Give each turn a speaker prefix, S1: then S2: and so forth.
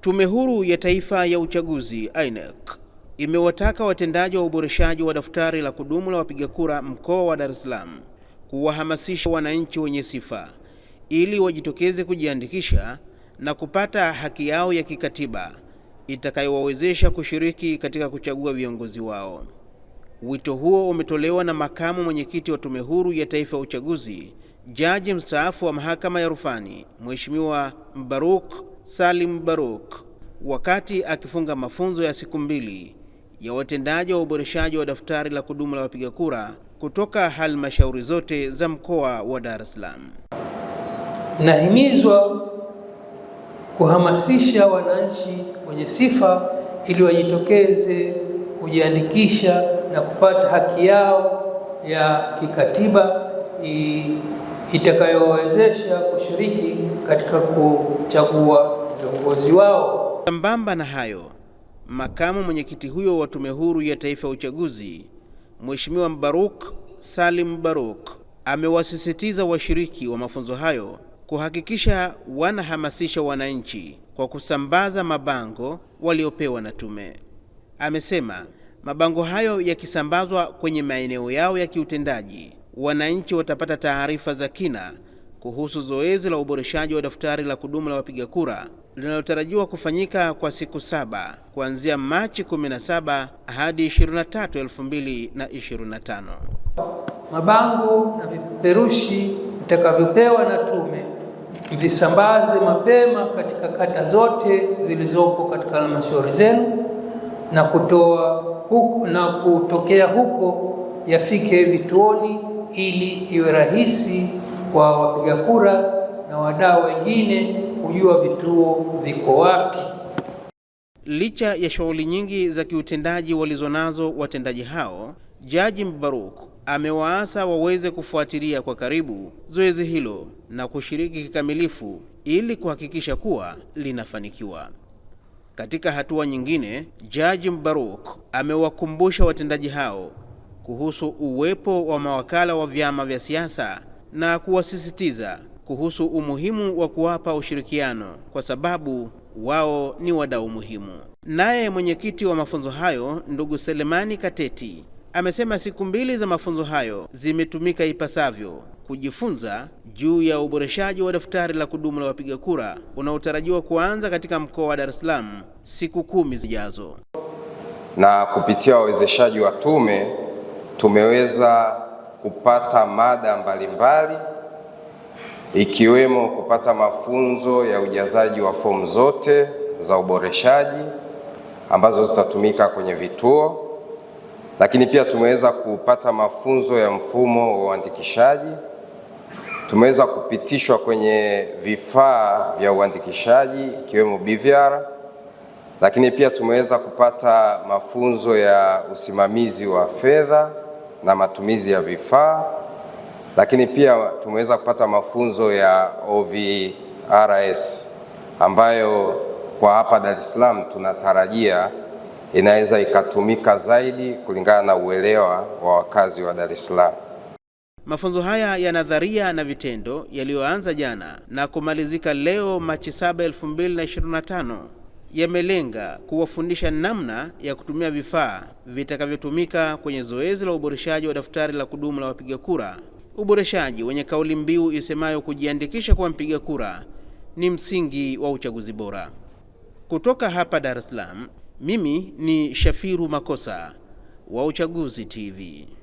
S1: Tume Huru ya Taifa ya Uchaguzi INEC imewataka watendaji wa uboreshaji wa daftari la kudumu la wapiga kura mkoa wa Dar es Salaam kuwahamasisha wananchi wenye sifa ili wajitokeze kujiandikisha na kupata haki yao ya kikatiba itakayowawezesha kushiriki katika kuchagua viongozi wao. Wito huo umetolewa na makamu mwenyekiti wa Tume Huru ya Taifa ya Uchaguzi, jaji mstaafu wa mahakama ya rufani Mheshimiwa Mbaruk Salim Baruk wakati akifunga mafunzo ya siku mbili ya watendaji wa uboreshaji wa daftari la kudumu la wapiga kura kutoka halmashauri zote za mkoa wa Dar es Salaam.
S2: Nahimizwa kuhamasisha wananchi wenye sifa ili wajitokeze kujiandikisha na kupata haki yao ya kikatiba itakayowawezesha kushiriki katika kuchagua viongozi wao.
S1: Sambamba na hayo, makamu mwenyekiti huyo wa Tume Huru ya Taifa ya Uchaguzi Mheshimiwa Mbaruk Salim Baruk amewasisitiza washiriki wa mafunzo hayo kuhakikisha wanahamasisha wananchi kwa kusambaza mabango waliopewa na tume. Amesema mabango hayo yakisambazwa kwenye maeneo yao ya kiutendaji, wananchi watapata taarifa za kina kuhusu zoezi la uboreshaji wa daftari la kudumu la wapiga kura linalotarajiwa kufanyika kwa siku saba kuanzia Machi 17 hadi 23, 2025.
S2: Mabango na vipeperushi mtakavyopewa na tume mvisambaze mapema katika kata zote zilizopo katika halmashauri zenu na kutoa huku, na kutokea huko yafike vituoni ili iwe rahisi kwa wapiga kura na wadau wengine kujua vituo viko wapi.
S1: Licha ya shughuli nyingi za kiutendaji walizonazo watendaji hao, Jaji Mbaruk amewaasa waweze kufuatilia kwa karibu zoezi hilo na kushiriki kikamilifu ili kuhakikisha kuwa linafanikiwa. Katika hatua nyingine, Jaji Mbaruk amewakumbusha watendaji hao kuhusu uwepo wa mawakala wa vyama vya siasa na kuwasisitiza kuhusu umuhimu wa kuwapa ushirikiano kwa sababu wao ni wadau muhimu. Naye mwenyekiti wa mafunzo hayo ndugu Selemani Kateti amesema siku mbili za mafunzo hayo zimetumika ipasavyo kujifunza juu ya uboreshaji wa daftari la kudumu la wapiga kura unaotarajiwa kuanza katika mkoa wa Dar es Salaam siku kumi zijazo.
S3: Na kupitia wawezeshaji wa tume tumeweza kupata mada mbalimbali mbali ikiwemo kupata mafunzo ya ujazaji wa fomu zote za uboreshaji ambazo zitatumika kwenye vituo, lakini pia tumeweza kupata mafunzo ya mfumo wa uandikishaji. Tumeweza kupitishwa kwenye vifaa vya uandikishaji ikiwemo BVR, lakini pia tumeweza kupata mafunzo ya usimamizi wa fedha na matumizi ya vifaa lakini pia tumeweza kupata mafunzo ya OVRS ambayo kwa hapa Dar es Salaam tunatarajia inaweza ikatumika zaidi kulingana na uelewa wa wakazi wa Dar es Salaam.
S1: Mafunzo haya ya nadharia na vitendo yaliyoanza jana na kumalizika leo Machi 7, 2025 yamelenga kuwafundisha namna ya kutumia vifaa vitakavyotumika kwenye zoezi la uboreshaji wa daftari la kudumu la wapiga kura uboreshaji wenye kauli mbiu isemayo kujiandikisha kwa mpiga kura ni msingi wa uchaguzi bora. Kutoka hapa Dar es Salaam, mimi ni Shafiru Makosa wa Uchaguzi TV.